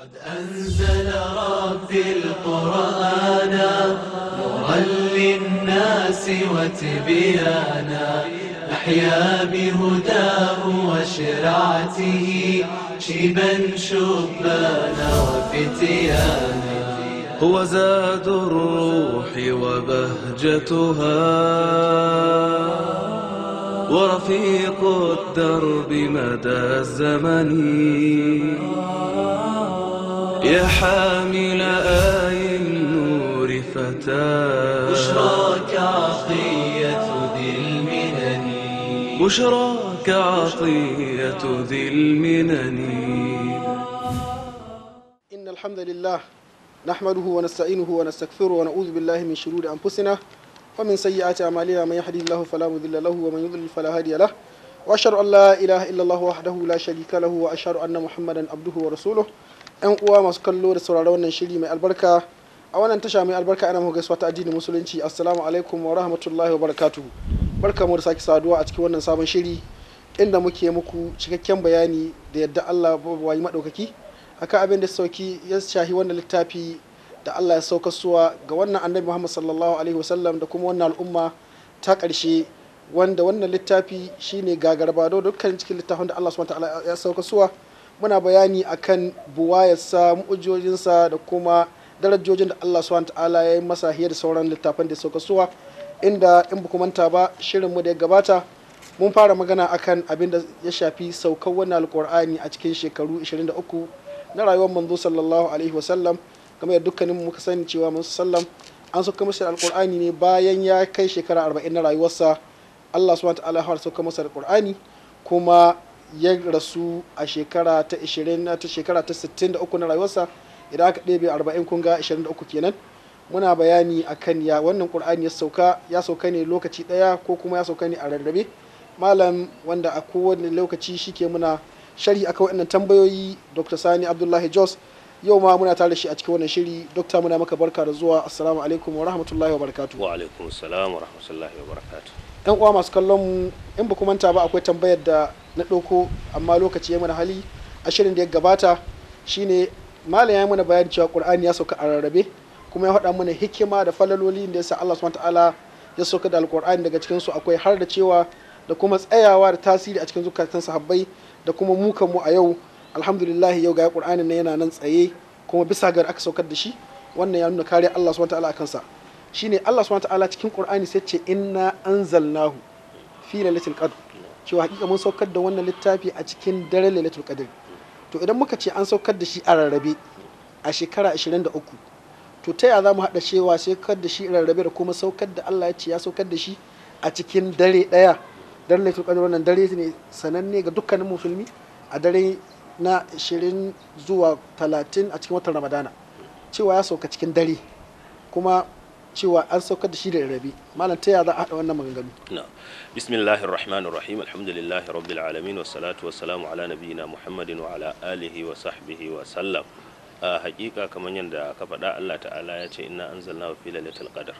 قد أنزل ربي القرآن نورا للناس وتبيانا أحيا بهداه وشرعته شيبا شبانا وفتيانا هو زاد الروح وبهجتها ورفيق الدرب مدى الزمن يا حامل آي النور فتاة بشراك عطية ذي المنن بشراك عطية ذي المنن إن الحمد لله نحمده ونستعينه ونستغفره ونعوذ بالله من شرور أنفسنا ومن سيئات أعمالنا من يهده الله فلا مضل له ومن يضلل فلا هادي له وأشهد أن لا إله إلا الله وحده لا شريك له وأشهد أن محمدا عبده ورسوله 'yan uwa masu kallo da sauraron wannan shiri mai albarka a wannan tasha mai albarka ana mu gaisuwa ta addinin musulunci assalamu alaikum wa rahmatullahi wa barakatuh barka mu da sake saduwa a cikin wannan sabon shiri inda muke muku cikakken bayani da yadda Allah babawayi madaukaki akan abin da sauki ya shahi wannan littafi da Allah ya sauka suwa ga wannan annabi Muhammad sallallahu alaihi wasallam da kuma wannan al'umma ta ƙarshe wanda wannan littafi shine gagarba dukkan cikin littafin da Allah subhanahu wa ta'ala ya sauka suwa muna bayani akan buwayarsa mu'ujojinsa da kuma darajojin da Allah subhanahu ta'ala ya yi masa hiyar sauran littafan da sauka suwa inda in ba manta ba shirin mu da ya gabata mun fara magana akan abin da ya shafi saukar wannan alkur'ani a cikin shekaru 23 na rayuwar manzo sallallahu alaihi wasallam kamar yadda dukkanin muka sani cewa manzo sallam an sauka masa alkur'ani ne bayan ya kai shekara 40 na rayuwarsa Allah subhanahu ta'ala har sauka masa alkur'ani kuma ya rasu a shekara ta 20 ta shekara ta 63 na rayuwarsa idan aka ɗebe 40 kun ga 23 kenan muna bayani akan ya wannan qur'ani ya sauka ya sauka ne lokaci ɗaya ko kuma ya sauka ne a rarrabe malam wanda a kowane lokaci shike muna shari akan wannan tambayoyi dr sani abdullahi jos yau ma muna tare shi a cikin wannan shiri dokta muna maka barka da zuwa assalamu alaikum wa rahmatullahi wa barakatuh wa alaikum assalam wa rahmatullahi wa barakatuh yan uwa masu kallon mu in ba manta ba akwai tambayar da na ɗauko amma lokaci ya mana hali a shirin da ya gabata shine malam ya mana bayani cewa qur'ani ya sauka a rarrabe kuma ya faɗa mana hikima da falaloli da yasa Allah subhanahu ta'ala ya sauka da alqur'ani daga cikin su akwai har da cewa da kuma tsayawa da tasiri a cikin zukatan sahabbai da kuma mu mu a yau alhamdulillah yau ga qur'anin nan yana nan tsaye kuma bisa ga aka saukar da shi wannan ya nuna kariya Allah subhanahu ta'ala akan sa shine Allah subhanahu ta'ala cikin Qur'ani sai ce inna anzalnahu fi lailatul qadr cewa hakika mun saukar da wannan littafi a cikin daren lailatul qadr to idan muka ce an saukar da shi a rarrabe a shekara 23 to ta ya za mu haɗa cewa saukar da shi a rarrabe da kuma saukar da Allah ya ce ya saukar da shi a cikin dare ɗaya daren lailatul qadr wannan dare ne sananne ga dukkanin musulmi a dare na 20 zuwa 30 a cikin watan Ramadana cewa ya sauka cikin dare kuma cewa an saukar da shi da rabi malam ta yaya za a haɗa wannan maganganu bismillahir rahmanir rahim alhamdulillahi rabbil alamin wassalatu wassalamu ala nabiyyina muhammadin wa ala alihi wa sahbihi wa sallam a hakika kamar yadda ka faɗa Allah ta'ala ya ce inna anzalna fi lailatul qadr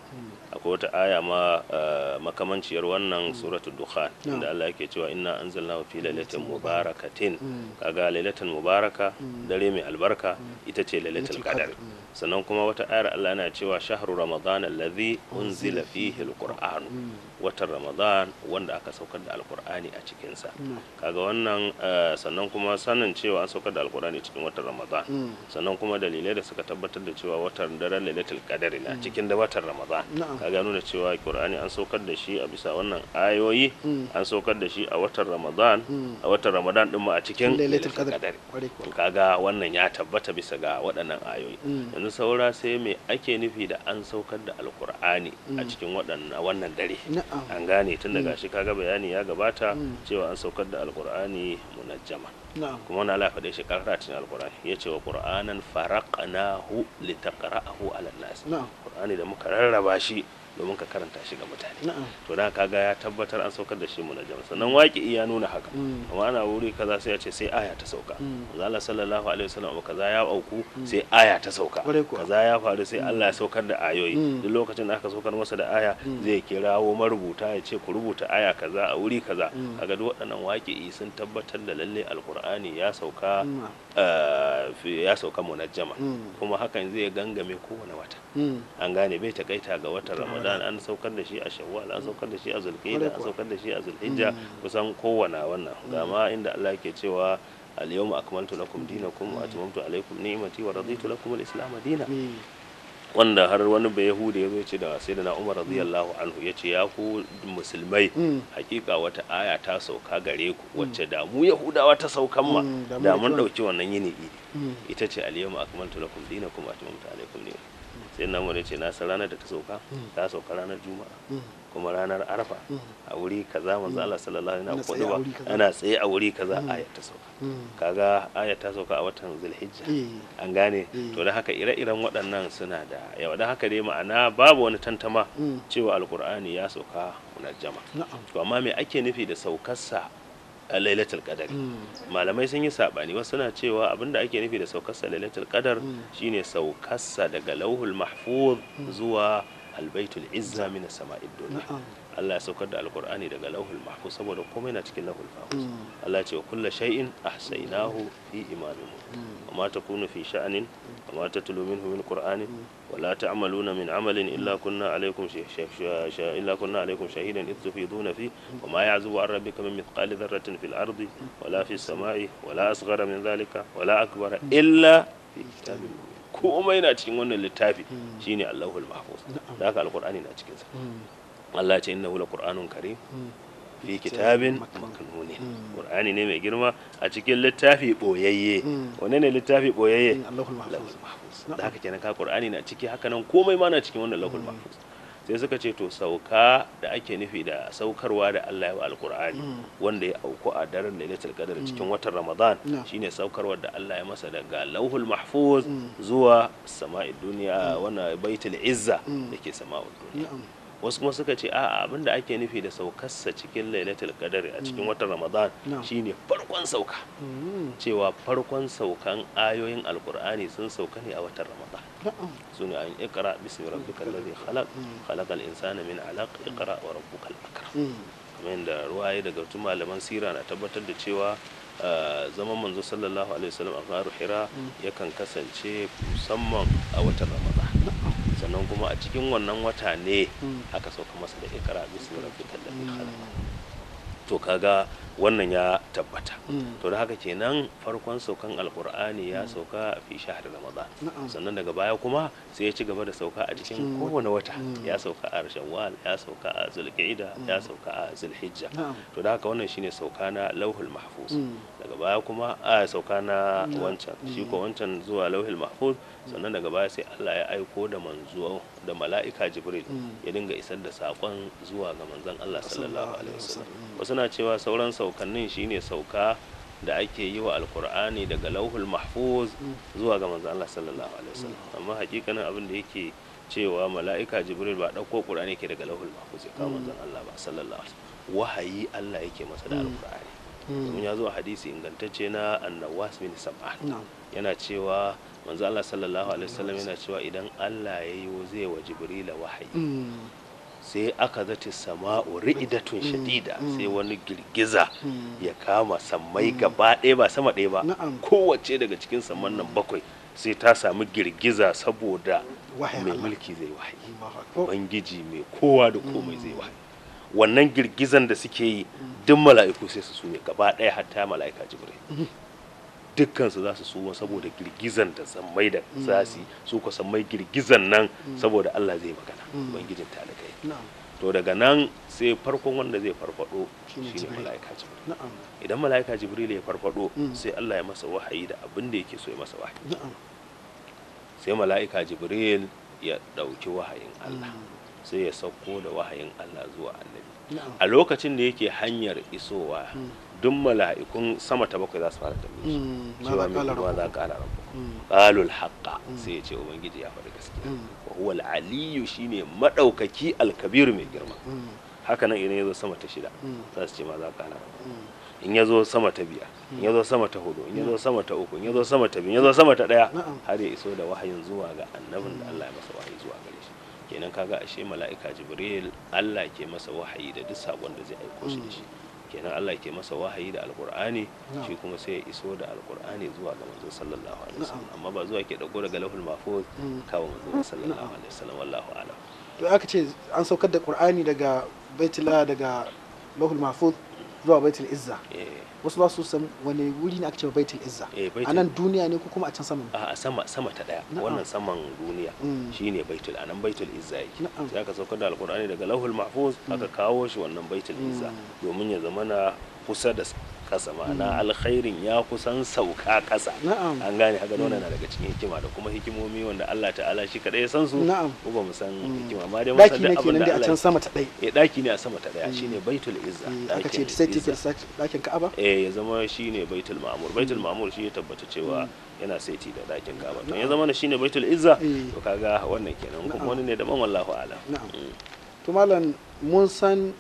akwai wata aya ma eh, makamanciyar wannan suratul dukhan inda Allah yake cewa inna anzalna fi lailatin mubarakatin hmm. kaga lailatul mubaraka hmm. dare mai albarka hmm. ita ce lailatul qadr sannan kuma wata ayar Allah yana cewa shahru ramadan allazi unzila fihi alquran watan ramadan wanda aka saukar da alkur'ani a cikinsa mm. kaga wannan eh, sannan kuma sanin cewa an saukar da alkur'ani cikin watan ramadan mm. sannan kuma dalilai da suka tabbatar da cewa watan daren lailatul kadari na mm. cikin da watan ramadan kaga nuna cewa alkur'ani an saukar da shi a bisa wannan ayoyi an saukar da shi a watan ramadan a watan ramadan din ma a cikin lailatul qadari kaga wannan ya tabbata bisa ga waɗannan ayoyi yanzu saura sai me ake nufi da an saukar da alkur'ani a cikin waɗannan wannan dare an gane tun daga mm. shi kaga bayani ya gabata mm. cewa an saukar da alkur'ani munajjama kuma wani ala faɗe shi ƙarara cikin alkur'ani ya ce wa hu faraqnahu litaqra'ahu ala nas qur'ani da muka rarraba shi domin ka karanta shi ga mutane to da kaga ya tabbatar an saukar da shi mu na sannan waki ya nuna haka mm. amma ana wuri kaza sai ya ce sai aya ta sauka mm. Allah sallallahu alaihi wasallam kaza ya auku mm. sai aya ta sauka kaza ya faru sai Allah ya saukar da ayoyi duk lokacin da aka saukar masa da aya zai kirawo marubuta ya ce ku rubuta aya kaza a wuri kaza kaga duk waɗannan waki sun tabbatar da lalle alkur'ani ya sauka ya sauka jama hmm. kuma hakan zai gangame kowane wata hmm. an gane bai ta takaita ga watan ramadan an saukar da shi a shawwal an saukar da shi a zulqa'ida an saukar da shi a zulhijja hmm. kusan kowane wannan gama inda Allah ke cewa al-yawma akmaltu lakum dinakum wa atamamtu alaykum ni'mati wa raditu lakum al-islam dinan wanda har wani bai yahuda ya zo ce da sai na umar radiyallahu anhu ya ce ya ku musulmai mm. hakika wata aya ta sauka gare ku mm. wacce damu mu yahudawa ta saukan ma mm, da dauki wannan yini ita ce aliyu yawma akmaltu lakum dinakum wa atmamtu alaykum ni'mati sai na mu ce na san ranar da ta sauka ta sauka ranar juma'a kuma ranar arfa a wuri kaza manzo Allah sallallahu alaihi wasallam ana tsaye a wuri kaza hmm. aya ta sauka hmm. kaga aya ta sauka a watan zulhijja eh. an gane eh. to da haka ire-iren waɗannan suna da yawa da haka dai ma'ana babu wani tantama hmm. cewa alkur'ani ya sauka munajjama to amma me ake nufi da saukarsa a lailatul qadar malamai sun yi sabani wasu suna cewa abinda ake nufi da saukarsa lailatul qadar shine saukarsa daga lauhul mahfuz zuwa البيت العزة من السماء الدنيا نعم. الله يسكر القرآن إذا قاله المحفوظ سبب قومنا تكن له الفاوز الله يقول كل شيء أحسيناه في إيمانه وما تكون في شأن وما تتلو منه من القرآن ولا تعملون من عمل إلا كنا عليكم إلا كنا عليكم شهيدا إذ تفيضون فيه وما يعزو عن ربك من مثقال ذرة في الأرض ولا في السماء ولا أصغر من ذلك ولا أكبر إلا في كتاب الله komai na cikin wannan littafi hmm. shine Allahul Mahfuz da haka alqur'ani na cikin sa hmm. Allah ya ce innahu laqur'anun karim hmm. fi kitabin makanuni qur'ani ne mai girma a cikin littafi boyayye wanne ne littafi boyayye Allahul Mahfuz da haka kenan ka qur'ani na ciki haka nan komai ma na cikin wannan Allahul Mahfuz sai suka ce to sauka da ake nufi da saukarwa da Allah ya wa alkur'ani mm. wanda ya auku a daren lailatul qadr mm. cikin watan ramadan shine saukarwa da Allah ya masa daga lauhul mahfuz mm. zuwa sama'id duniya wannan baitul izza dake sama'ud duniya wasu kuma suka ce a abinda ake nufi da saukarsa cikin lailatul qadar a cikin watan ramadan shine farkon sauka cewa farkon saukan ayoyin alkur'ani sun sauka ne a watan ramadan sune an iqra bismi rabbikal ladhi khalaq khalaqal insana min alaq iqra wa rabbukal akram kamar yadda ruwaye daga tun malaman sira na tabbatar da cewa zaman manzo sallallahu alaihi wasallam a faru hira yakan kasance musamman a watan ramadan sannan kuma a cikin wannan wata ne aka sauka masa da ikra bismi rabbikal ladhi khalaq to kaga wannan ya tabbata hmm. to da haka kenan farkon saukan alkur'ani ya hmm. sauka fi shahar ramadan sannan daga baya kuma sai ya ci gaba da sauka a cikin hmm. kowane wata ya sauka a rashawal ya sauka a zulqa'ida ya sauka a zulhijja to da haka wannan shine sauka na lauhul mahfuz daga baya kuma a sauka na wancan shi ko wancan zuwa lauhul mahfuz sannan daga baya sai Allah ya aiko da manzo da mala'ika jibril mm. ya dinga isar da saƙon zuwa ga manzon Allah sallallahu alaihi wasallam mm. wasu na cewa sauran saukannin shine sauka da ake yi wa alkur'ani daga lauhul mahfuz mm. zuwa ga manzon Allah sallallahu alaihi wasallam amma hakikanin abin da yake cewa mala'ika jibril ba ɗauko ƙur'ani yake daga lauhul mahfuz ya kawo manzon Allah ba sallallahu alaihi wasallam wahayi Allah yake masa da alkur'ani domin ya zo a hadisi ingantacce na annawas min sab'a yana cewa manzo Allah sallallahu alaihi wasallam yana cewa idan Allah ya yi zai wa jibrila wahayi mm. sai aka zata sama'u ri'idatun mm. shadida mm. sai wani girgiza ya kama sammai gaba ɗaya ba sama ɗaya ba kowace daga cikin saman nan bakwai sai ta samu girgiza saboda mai mulki zai wahayi ubangiji mai kowa da komai zai wahayi wannan girgizan da suke yi duk mala'iku sai su sume gaba ɗaya hatta mala'ika jibril dukkansu za su suma saboda girgizan da sammai da za su su sammai girgizan nan saboda Allah zai magana ubangijin talakai to daga nan sai farkon wanda zai farfado shine mala'ika jibril idan mala'ika jibril ya farfado mm. sai Allah ya masa wahayi da abin da yake so ya masa wahayi sai mala'ika jibril ya ɗauki wahayin Allah mm. sai ya sauko da wahayin Allah zuwa annabi a lokacin da yake hanyar isowa hmm. duk mala'ikun sama ta bakwai za su fara tambaye shi hmm. cewa mai kuma za ka alara qalu hmm. al-haqqa sai ya ce ubangiji ya faɗi gaskiya wa huwa al shine madaukaki Alkabiru mai girma haka nan idan yazo sama ta shida za su ce ma za ka alara in yazo sama ta biya in yazo sama ta hudu in yazo sama ta uku in yazo sama ta biyu in yazo sama ta daya har ya iso da wahayin zuwa ga annabin da Allah ya masa wahayi zuwa gare shi kenan kaga ashe mala'ika jibril allah ke masa wahayi da duk sabon da zai aiko shi da shi mm. kenan allah ke masa wahayi da alqur'ani shi kuma sai ya iso da alqur'ani zuwa ga manzo sallallahu alaihi wasallam amma ba zuwa ke dauko daga lahul mahfuz mm. kawo manzo sallallahu alaihi wasallam wallahu a'lam to aka ce an saukar da qur'ani daga baitullah daga lahul mahfuz zuwa baitul izza eh. wasu ba su san wani wuri ne ake cewa baitul izza eh, a nan duniya ne ko kuma a can sama a sama sama ta daya wannan saman duniya mm. shine baitul anan baitul izza yake sai aka sauka da alqur'ani daga lahul mahfuz mm. aka kawo shi wannan baitul izza mm. domin ya zamana kusa da kasa ma'ana hmm. alkhairin ya kusan sauka kasa an gane haka wannan hmm. na daga cikin hikima da kuma hikimomi wanda Allah ta'ala shi kadai ya san su ko ba mu san hmm. hikima Ma dai mun san da abin da Allah ya sama ta dai eh daki ne a sama ta daya shine baitul izza aka ce sai take dakin Ka'aba eh ya zama shine baitul ma'mur baitul ma'mur shi ya tabbata cewa yana saiti da dakin Ka'aba to ya zama na shine baitul izza eh. to kaga wannan kenan kuma wani ne daban wallahu a'lam to malam mun san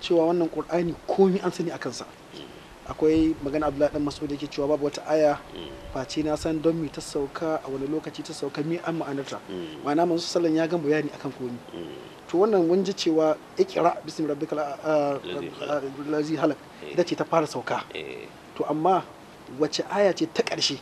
cewa wannan qur'ani komai an sani akan sa akwai magana abdullahi dan da yake cewa babu wata aya face na san don mi ta sauka a wani lokaci ta sauka mi an ma'anarta ma'ana manzo sallan ya gan bayani akan komi to wannan mun ji cewa Ikira, bismi rabbikal lazi halak ita ce ta fara sauka eh. to amma wace aya ce ta ƙarshe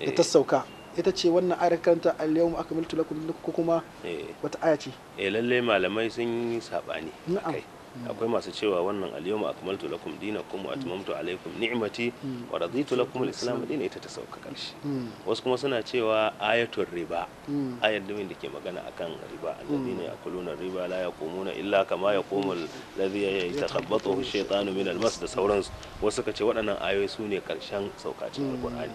da ta eh. sauka ita ce wannan ayar karanta al-yawma akmaltu lakum dinakum kuma eh. wata aya ce eh lalle malamai sun yi sabani na'am akwai masu cewa wannan al-yawma akmaltu lakum dinakum wa atmamtu alaykum ni'mati wa raditu lakum al-islam dina ita ta sauka karshe wasu kuma suna cewa ayatul riba ayar da ke magana akan riba alladhina yakuluna riba la yaqumuna illa kama yaqumu alladhi yatakhabbathu ash-shaytanu min al-mas da sauransu wasu ka ce waɗannan ayoyi su ne karshen saukacin alqur'ani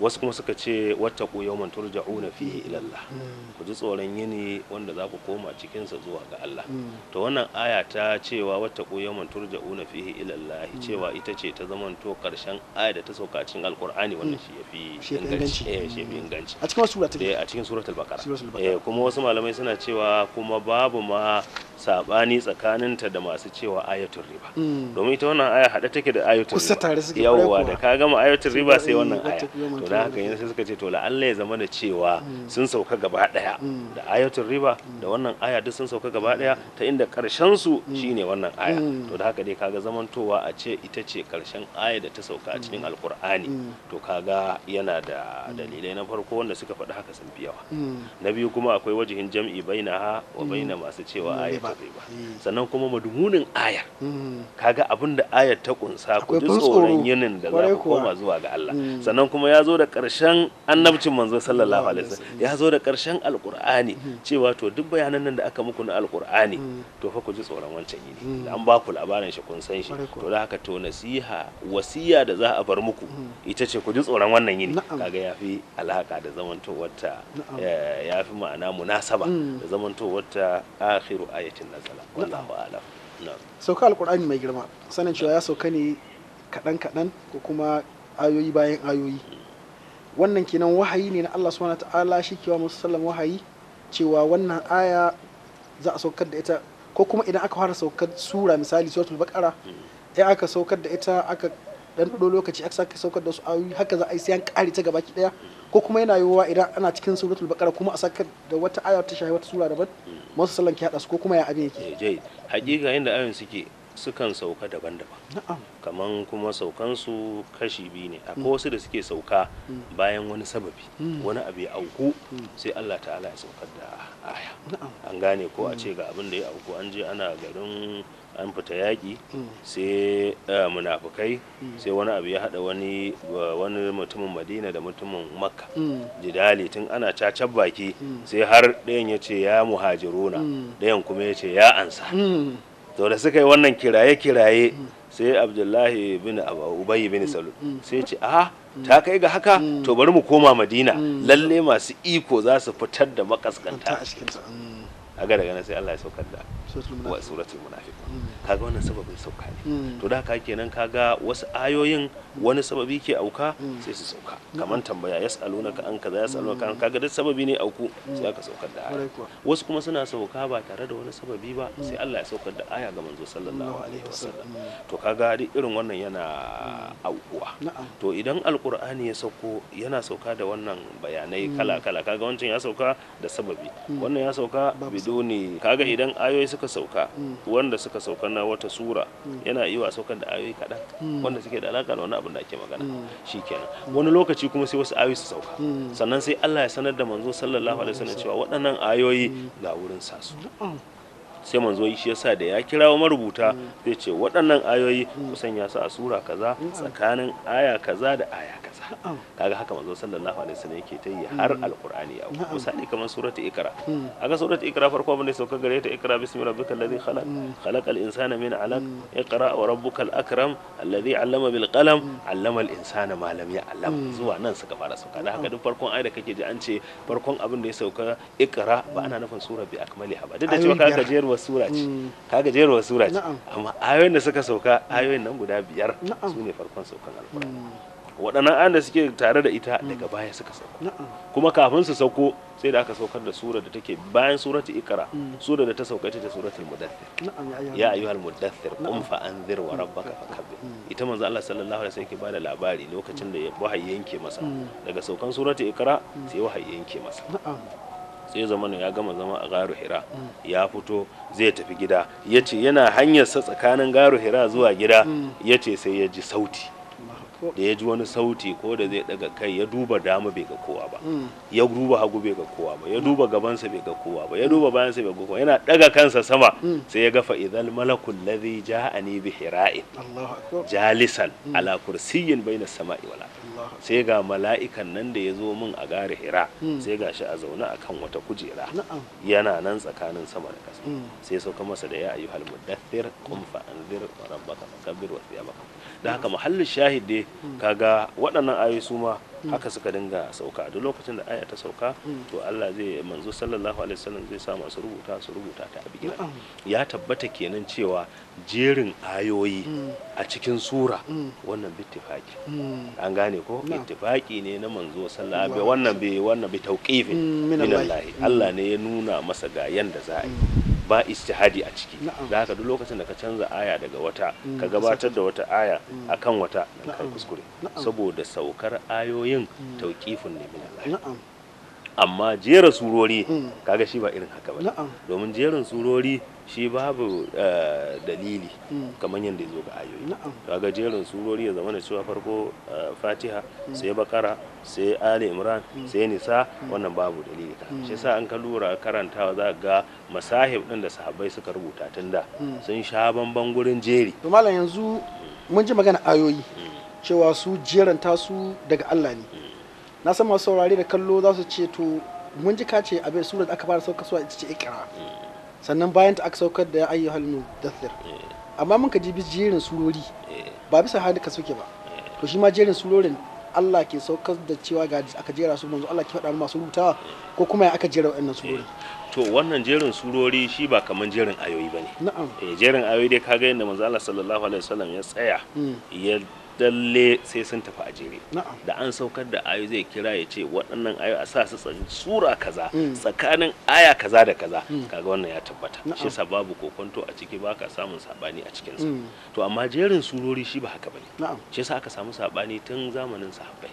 wasu kuma suka ce wata ku yawman turja'una fihi ila hmm. ku ji tsoron yini wanda za ku koma cikinsa zuwa ga Allah hmm. to wannan aya ta cewa wata ku yawman turja'una fihi ila hmm. cewa ita ce ta to karshen aya da ta sauka cikin alkur'ani wannan shi yafi inganci eh, shi yafi inganci a cikin suratul eh a cikin suratul baqara eh, kuma wasu malamai suna cewa kuma babu ma sabani tsakaninta da masu cewa ayatul riba domin ita wannan aya hada take da ayatul riba yawwa da ka gama ayatul riba sai wannan aya to da haka yanzu suka ce to la'alla ya zama da cewa mm. sun sauka gaba daya mm. da ayatul riba mm. da wannan aya duk sun sauka gaba daya ta inda karshen su shine wannan aya to da haka dai kaga zamantowa a ce ita ce karshen aya da ta sauka a cikin alkur'ani to kaga yana da dalilai na farko wanda suka faɗi haka sun fi na biyu kuma akwai wajihin jam'i bainaha wa baina masu cewa ayatul riba sannan kuma madumunin ayar kaga abin da ayar ta kunsa ku ji tsoron yinin da za ku koma zuwa ga Allah sannan kuma ya zo zo da ƙarshen annabcin manzo sallallahu alaihi wasallam ya zo da ƙarshen alƙur'ani cewa to duk bayanan nan da aka muku na alƙur'ani to fa ku ji tsoron wancan yini an ba ku labarin shi kun san shi to da haka to nasiha wasiya da za a bar muku hmm. ita ce ku ji tsoron wannan yini kaga fi alaka da zamantowar eh, ya fi ma'ana munasaba hmm. da zamantowar ta akhiru ayatin nazala wallahu a'lam sauka alkur'ani mai girma sanin cewa ya sauka ne kaɗan-kaɗan ko kuma ayoyi bayan ayoyi hmm. wannan kenan wahayi ne na Allah subhanahu ta'ala shi kewa musu sallan wahayi cewa wannan aya za a saukar da ita ko kuma idan aka fara saukar sura misali suratul baqara ya aka saukar da ita aka dan ɗo lokaci aka saka saukar da su ayoyi haka za a yi sai an ƙare ta gabaki daya ko kuma yana yiwuwa idan ana cikin suratul baqara kuma a saka da wata aya ta shahi wata sura daban musu sallan ki hada su ko kuma ya abin yake eh, hakika inda ayoyin suke sukan sauka daban-daban kaman kuma saukansu kashi biyu ne akwai mm. wasu da suke sauka mm. bayan wani sababi mm. wani abu ya auku sai allah ta'ala ya saukar da aya an gane ko a ce ga abin da ya auku an je ana garin an fita yaƙi sai eh, munafukai sai wani abu ya haɗa wani mutumin madina da mutumin makka jidali tun ana cacan baki sai har ɗayan ya ce ya muhajiruna ɗayan kuma ya ce ya ansa to da suka yi wannan kiraye-kiraye sai abdullahi bin ubayi bin mm. salul mm. sai ce a ta kai ga haka mm. to bari mu koma madina lalle masu iko za su fitar da makaskanta a ga daga sai allah ya saukar da wa suratul munafiqun mm. kaga wannan sababin sauka ne mm. to da haka kenan kaga wasu ayoyin wani sababi ke auka mm. sai su sauka kamar tambaya yas'alunaka an kaza yas'alunaka an kaga duk sababi ne auku sai aka saukar da aya wasu kuma suna sauka ba tare da wani sababi ba sai Allah ya saukar da aya ga manzo sallallahu alaihi wasallam to kaga duk irin wannan yana aukuwa to idan alqur'ani ya sauko yana sauka da wannan bayanai kala kala kaga wancan ya sauka da sababi wannan ya sauka biduni kaga idan ayoyi suka suka sauka mm. wanda suka sauka na wata sura mm. yana wa saukar da ayoyi kaɗan mm. wanda suke da alaƙa da wani abin da ake magana kenan wani lokaci kuma sai wasu ayoyi su sauka sannan sai Allah ya sanar da manzo sallallahu alaihi wasallam cewa waɗannan ayoyi ga wurin sasu sai manzo shi yasa da ya kirawo marubuta mm. zai ce waɗannan ayoyi mm. kusan ya su a sura kaza mm. tsakanin aya kaza da aya kaza kaga haka manzo sallallahu alaihi wasallam yake ta yi har alqur'ani ya misali kamar surata ikra aga surata ikra farko abin da sauka gare ta ikra bismi rabbikal ladhi khalaq khalaqal insana min alaq iqra wa rabbukal akram alladhi 'allama bil qalam 'allama al insana ma lam ya'lam zuwa nan suka fara sauka da haka duk farkon aya da kake ji an ce farkon abin da ya sauka ikra ba ana nufin sura bi akmaliha ba duk da cewa ka gajiyar gajeruwar sura ce mm. ka gajeruwar sura ce amma ayoyin da suka sauka mm. ayoyin nan guda biyar su ne farkon saukan alkur'ani mm. waɗannan ayoyin da suke tare da ita daga baya suka sauko kuma kafin su sauko sai da aka saukar da sura da take bayan surati ikra sura da ta sauka ita ce suratul mudaththir ya ayyuhal mudaththir qum fa anzir wa rabbaka fakabbir ita manzo Allah sallallahu alaihi wasallam yake bada labari lokacin da wahayi yanke masa daga saukan surati ikra sai wahayi yanke masa sai zama ya gama zama a garu hira mm. ya fito zai tafi gida yace yana hanyar sa tsakanin garu hira zuwa gida mm. yace sai ya ji sauti da ya ji wani sauti ko da zai daga kai ya duba dama bai ga kowa ba ya duba hagu bai ga kowa ba ya duba gabansa bai ga kowa ba ya duba bayansa bai ga kowa yana daga kansa sama sai ya gafa idan malakul ladhi ja'ani bi hira'in jalisan hmm. ala kursiyyin na sama'i wal sai ga mala'ikan nan da ya zo min a gari hira hmm. sai ga shi a zaune a kan wata kujera yana nan tsakanin sama da ƙasa hmm. sai sauka masa da ya ayyuhal muddathir qum fa anzir wa rabbaka fakabbir wa maka. da haka mahallin shahid dai kaga waɗannan ayoyi su ma haka suka dinga sauka duk lokacin da aya ta sauka to Allah zai manzo sallallahu alaihi wasallam zai sa masu rubuta su rubuta ta abin bikin ya tabbata kenan cewa jerin ayoyi mm. a cikin sura mm. wannan bittifaki mm. an gane ko ittifaki ne na manzo sallallahu alaihi wannan bai wannan bi tauqifin minallahi Allah ne ya nuna masa ga yanda za a yi ba istihadi a ciki da haka duk lokacin da ka canza aya daga wata mm, ka gabatar da wata aya mm. a kan wata da kai kuskure saboda saukar ayoyin mm. tauƙifin ne min amma jera surori kaga shi ba irin haka ba domin jerin surori shi babu eh, dalili hmm. kamar yadda ya zo ga ayoyi ga jerin surori ya zama da cewa farko eh, fatiha hmm. sai bakara sai ali imran hmm. sai nisa wannan babu dalili shi sa an ka lura karantawa za ga masahib din da sahabbai suka rubuta tun da sun sha bamban gurin jeri to malam yanzu mun ji magana ayoyi cewa su jeranta su daga Allah ne na san masu saurare da kallo za su ce to mun ji ka ce abin surar da aka fara sauka suwa ita ce ikra sannan bayan ta aka saukar da ya ayyuhal dathir eh. amma mun ka ji jerin surori eh. ba bisa hali ka suke ba eh. to shi ma jerin surorin Allah ke saukar da cewa ga aka jera su manzo Allah ke faɗa masu rubutawa ko kuma ya aka jera wannan surori to wannan jerin surori shi ba kaman jerin ayoyi bane na'am eh jerin ayoyi dai kaga yanda manzo Allah sallallahu alaihi wasallam ya tsaya hmm. ya dalle sai sun tafi a jere da an saukar da ayu zai kira ya ce waɗannan ayu a sa su sura kaza mm. tsakanin aya kaza da kaza mm. kaga wannan ya tabbata shi sa babu kokonto a ciki ba ka samun sabani a cikin mm. to amma jerin surori shi ba haka bane shi sa aka samu sabani tun zamanin sahabbai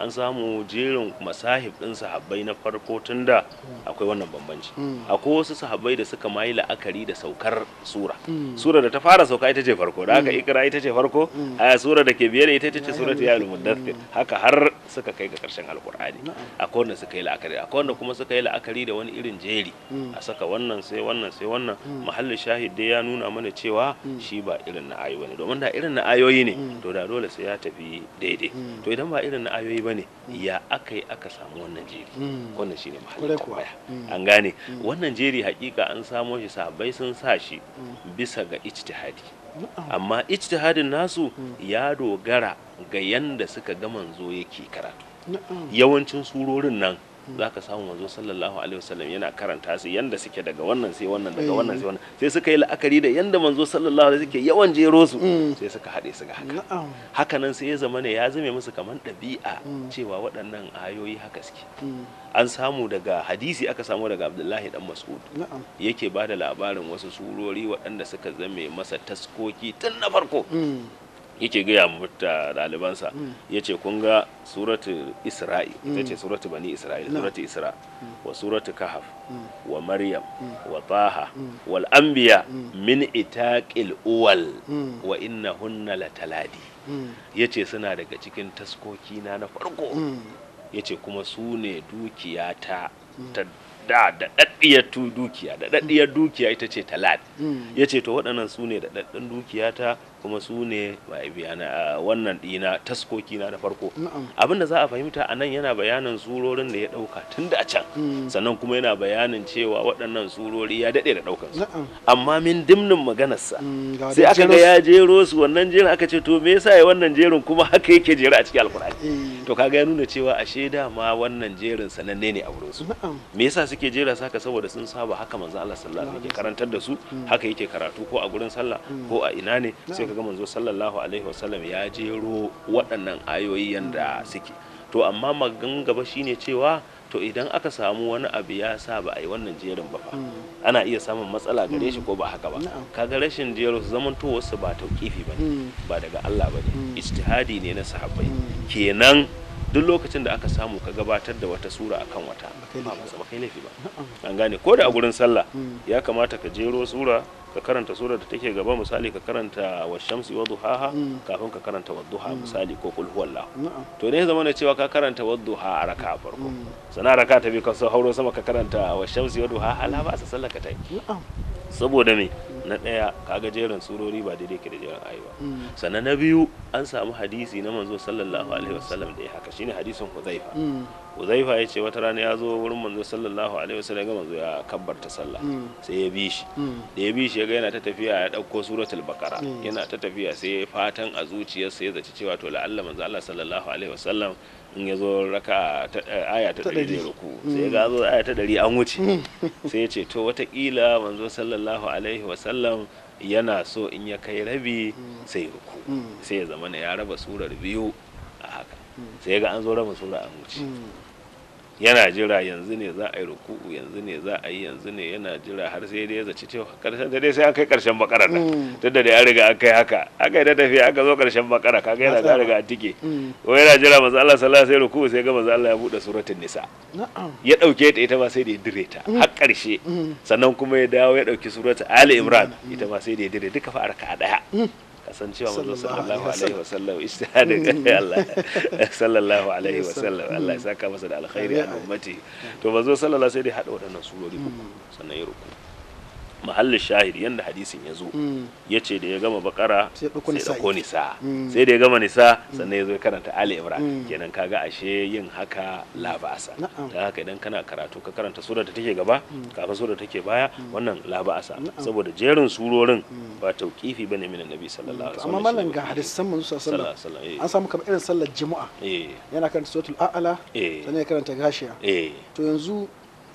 an samu jerin masahib din sahabbai na farko tun da akwai wannan bambanci akwai wasu sahabbai da suka mayi la'akari da saukar sura sura da ta fara sauka ita ce farko da aka ikra ita ce farko aya sura ke biye da ita ce suratu ya al-muddathir haka har suka kai ga karshen alqur'ani akwai wanda suka yi la'akari akwai wanda kuma suka yi la'akari da wani irin jeri hmm. a saka wannan sai wannan sai wannan hmm. mahallin shahid dai ya nuna mana cewa hmm. shi ba irin na ayoyi ne domin da irin na ayoyi ne to da dole sai ya tafi daidai to idan ba irin na ayoyi bane ya aka yi aka samu wannan jeri wannan shine mahallin tambaya an gane wannan jeri hakika an samo shi sahabbai sun sa shi bisa ga ijtihadi amma ijtihadin nasu ya dogara ga yanda suka ga manzo yake karatu yawancin surorin nan za ka samu manzo sallallahu alaihi wasallam yana karanta su yanda suke daga wannan sai wannan daga eh. wannan sai wannan sai suka yi la'akari da yanda manzo sallallahu alaihi suke yawan jero su mm. sai suka haɗe su ga haka haka nan sai ya zama ne ya zame musu kamar ɗabi'a mm. cewa waɗannan ayoyi haka suke mm. an samu daga hadisi aka samu daga abdullahi dan mas'ud yake bada labarin wasu surori waɗanda suka zame masa taskoki tun na farko yake gaya mata ɗalibansa mm. ya ce kun ga suratu isra'i ita mm. ce suratu bani isra'il suratu isra mm. wa suratu kahaf wa maryam wa taha wal anbiya min itaqil uwal wa innahunna Taladi? ya ce suna daga cikin taskoki na na farko ya ce kuma su ne dukiya ta da daɗaɗɗiyar dukiya daɗaɗɗiyar dukiya ita ce talad ya ce to waɗannan su ne daɗaɗɗin dukiya ta kuma su ne wannan dina taskoki na da farko abin da za a fahimta a nan yana bayanin surorin da ya dauka tun da can mm. sannan kuma yana bayanin cewa waɗannan surori ya daɗe da ɗaukar su amma min dimnin maganarsa mm, sai aka ga ya jero su wannan jerin aka ce to me yasa ya wannan jerin kuma haka yake jera a cikin alkur'ani mm. to kaga ya nuna cewa ashe dama wannan jerin sananne ne a wurin su me yasa suke jera saka saboda sun saba haka manzo Allah sallallahu alaihi wasallam yake karantar da su haka yake karatu ko a gurin sallah ko a ina ne sai ga manzo sallallahu alaihi wasallam ya jero waɗannan ayoyi yanda suke to amma magan gaba shine cewa to idan aka samu wani abu ya sa ba a yi wannan jerin ba hmm. ana iya samun matsala gare shi hmm. ko ba haka ba kaga rashin jero su zaman wasu ba tauƙifi ba ne hmm. ba daga Allah ba ne ijtihadi ne na sahabbai kenan duk lokacin da aka samu ka gabatar da wata sura akan wata ba kai laifi ba an gane ko da a gurin sallah hmm. ya kamata ka jero sura ka karanta sura da take gaba misali ka karanta wa shamsi wa duhaha hmm. kafin ka karanta wa duha hmm. misali ko kul huwallahu to ne zama na cewa ka karanta wa duha a raka farko sana raka ta bi ka hauro sama ka karanta wa shamsi wa duhaha la ba sa sallaka tai saboda me na ɗaya kaga jerin surori ba daidai ke da jerin ayi ba mm. sannan na biyu an samu hadisi na manzo sallallahu alaihi wasallam da ya haka shine hadisin huzaifa mm. huzaifa ya ce wata rana ya zo wurin manzo sallallahu alaihi wasallam ga manzo ya kabbarta sallah mm. sai ya bi shi da ya bi shi ya ga yana ta tafiya ya ɗauko suratul bakara yana ta tafiya sai ya fatan a zuciyarsa ya zaci cewa to la'alla manzo Allah sallallahu alaihi wasallam in ya zo raka eh, aya ta ɗari ruku mm. sai ya gazo aya ta ɗari an wuce mm. sai ya ce to watakila manzo sallallahu alaihi wasallam yana so in ya kai rabi sai mm. ruku sai ya zama ya raba surar biyu a haka sai ga an zo raba sura an wuce yana jira yanzu ne za a yi ruku'u yanzu ne za a yi yanzu ne yana jira har sai dai ya zaci cewa karshen da dai sai an kai karshen bakara mm. da tunda da ya riga an kai haka aka yi ta tafiya aka zo karshen bakara kaga yana da riga an tike ko mm. yana jira manzo Allah sallallahu alaihi ruku'u sai ga manzo Allah ya bude suratul nisa ya dauke ta ita ma sai da ya dire ta mm. har karshe sannan kuma ya dawo ya dauki suratul ali imran ita ma sai da ya dire duka fa arka daya san cewa manzo sallallahu alaihi wasallam istihadin Allah sallallahu alaihi wasallam Allah ya saka masa da alkhairi a ummati to manzo sallallahu alaihi wasallam sai dai hada wadannan surori sannan ya ruku mahallin shahid yadda hadisin ya zo hmm. ya ce da ya gama bakara sai da ko nisa hmm. sai da ya gama nisa hmm. sannan ya zo ya karanta ali ibra kenan kaga ashe yin haka Labasa don haka idan kana karatu ka karanta surar da take gaba kafin surar da take baya wannan Labasa saboda jerin surorin ba tauqifi bane min annabi sallallahu alaihi wasallam amma mallan ga hadisan manzo sallallahu alaihi wasallam an samu kamar irin sallar juma'a eh. yana karanta suratul a'la eh. sannan ya karanta gashiya eh. to yanzu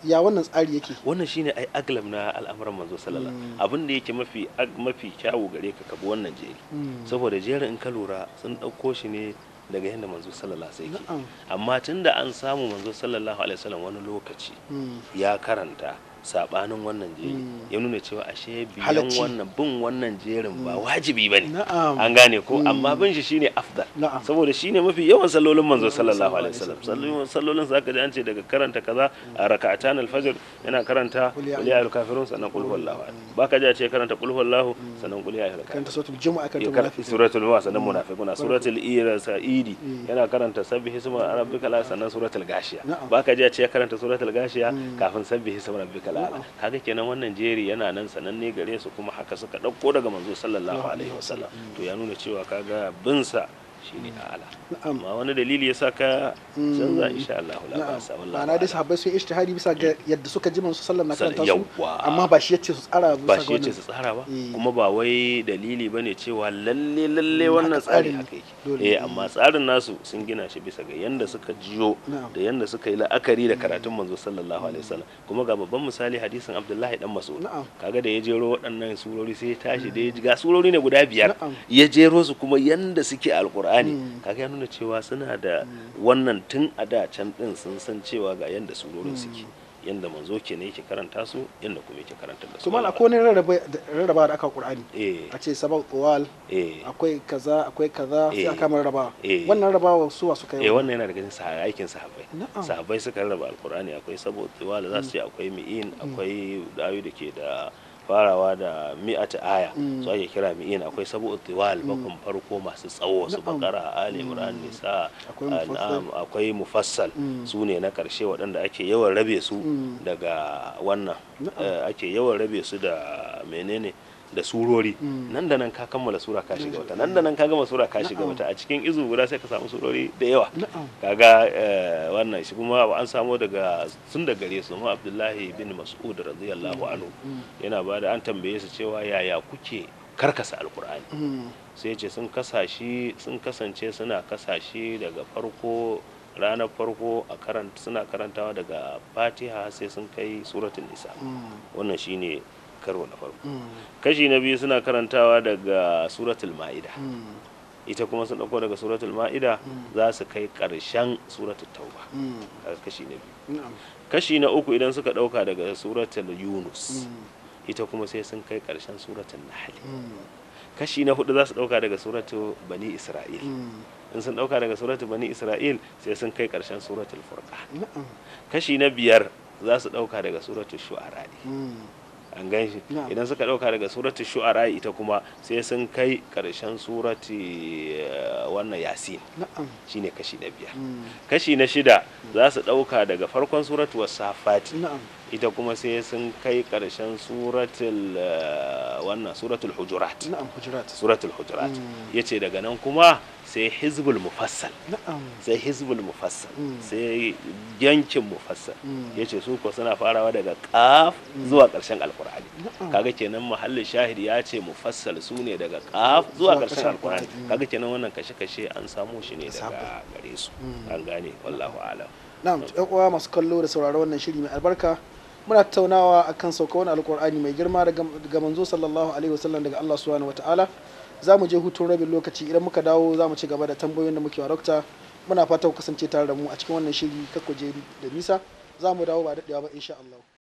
ya wannan tsari yake wannan shine ai aglam na al'amuran manzo sallallahu hmm. abin da yake mafi mafi kyawu gare ka kabi wannan jeri hmm. saboda jerin in ka lura sun ɗauko shi ne daga yadda manzo sallallahu alaihi wasallam amma tunda an samu manzo sallallahu alaihi wasallam wani lokaci hmm. ya karanta sabanin wannan jeri hmm. ya nuna cewa ashe biyan wannan bin wannan jerin ba hmm. wajibi ba ne an gane ko hmm. amma bin shi shine afdal saboda shine mafi yawan sallolin manzo sallallahu alaihi wasallam sallolin sa ka ji an ce daga karanta kaza a raka'atan alfajr yana karanta qul ya kafirun sannan qul huwallahu ahad baka ji a ce karanta qul huwallahu sannan qul ya ayyuhal kafirun karanta suratul jumu'a karanta munafiqun suratul jumu'a sannan munafiquna suratul sa'idi yana karanta sabbihi subhana rabbikal a'la sannan suratul gashiya baka ji a ce karanta suratul gashiya kafin sabbihi subhana rabbikal alaika la'ala kaga kenan wannan jeri yana nan sananne gare su kuma haka suka ɗauko daga manzo sallallahu alaihi wasallam to ya nuna cewa kaga sa shine ala amma wani dalili sa ka canza mm. insha Allah la basa wallahi ana dai sahabbai sun ijtihadi bisa ga eh. yadda suka ji manzo sallallahu alaihi wasallam amma ba shi yace su tsara ba shi yace su tsara ba eh. kuma ba wai dalili bane cewa lalle lalle mm, wannan tsari akai eh amma tsarin nasu sun gina shi bisa ga yanda suka jiyo da yanda suka yi la'akari da mm. karatun manzo sallallahu alaihi wasallam kuma ga babban misali hadisin Abdullahi dan Mas'ud kaga da ya jero waɗannan surori sai ya tashi da ya ga surori ne guda biyar ya jero su kuma yanda suke alƙur'ani alkur'ani mm. kaga ya nuna cewa suna da wannan tun a da can din sun san cewa ga yanda surorin mm. suke yanda manzo ke ne yake karanta su yanda kuma yake karanta da su kuma akwai ne rarraba da aka qur'ani eh. a ce sabab tuwal eh. akwai kaza akwai kaza sai eh. aka mar raba wannan rabawa su wasu kai eh wannan yana daga cikin aikin sahabbai sahabbai suka rarraba alqur'ani akwai sabab tuwal za su ce akwai mi'in mm. akwai dawi da ke da farawa da mi'ata aya su mm. ake kira mi'in akwai sabu tiwal mm. bakon farko masu tsawo su bakara ali mm. imran nisa akwai mufassal su ne na karshe waɗanda ake yawan rabe su daga wannan eh, ake yawan rabe su da menene da surori mm. nan da nan ka kammala sura ka shiga wata nan da nan ka gama sura ka shiga wata a cikin izu guda sai ka samu surori da yawa kaga eh, wannan shi kuma an samu daga sun da gare su Abdullahi bin Mas'ud radiyallahu mm. anhu mm. yana bada an tambaye su cewa yaya kuke karkasa alkur'ani sai ce sun kasashi sun kasance suna kasashi daga farko ranar farko a karanta suna karantawa daga fatiha sai sun kai suratun nisa wannan shine karo na farko mm. kashi na biyu suna karantawa daga suratul ma'ida mm. ita kuma sun dauko daga suratul ma'ida mm. za su kai karshen suratul tauba kashi na biyu kashi na uku idan suka dauka daga suratul yunus ita kuma sai sun kai karshen suratul nahl kashi na hudu za su dauka daga suratul bani isra'il in sun dauka daga suratul bani isra'il sai sun kai karshen suratul furqan kashi na biyar za su dauka daga suratul shu'ara an gan shi idan suka dauka daga surati shu'ara ita kuma sai sun kai karshen surati eh, wannan yasin shine kashi na biyar hmm. kashi na shida za su dauka daga farkon suratu wasafati ita kuma sai sun kai karshen suratul eh, wannan suratul hujurat na'am hujurat suratul hujurat hmm. yace daga nan kuma sai hizbul mufassal na'am sai hizbul mufassal hmm. sai yankin mufassal hmm. yace su ko suna farawa daga qaf zuwa karshen alqur'ani kaga kenan muhallin shahid ya ce mufassal su ne daga qaf zuwa karshen alqur'ani kaga kenan wannan kashe kashe an samu shi ne daga gare su an gane wallahu a'lam na'am uwa masu kallo da sauraro wannan shiri mai albarka muna tattaunawa akan sauka wani alkur'ani mai girma daga manzo sallallahu alaihi wasallam daga Allah subhanahu wataala za mu je hutun rabin lokaci idan muka dawo za mu ci gaba da tambayoyin da muke wa dokta muna fata ku kasance tare da mu a cikin wannan shiri kakku je da nisa za mu dawo ba daɗewa ba insha Allah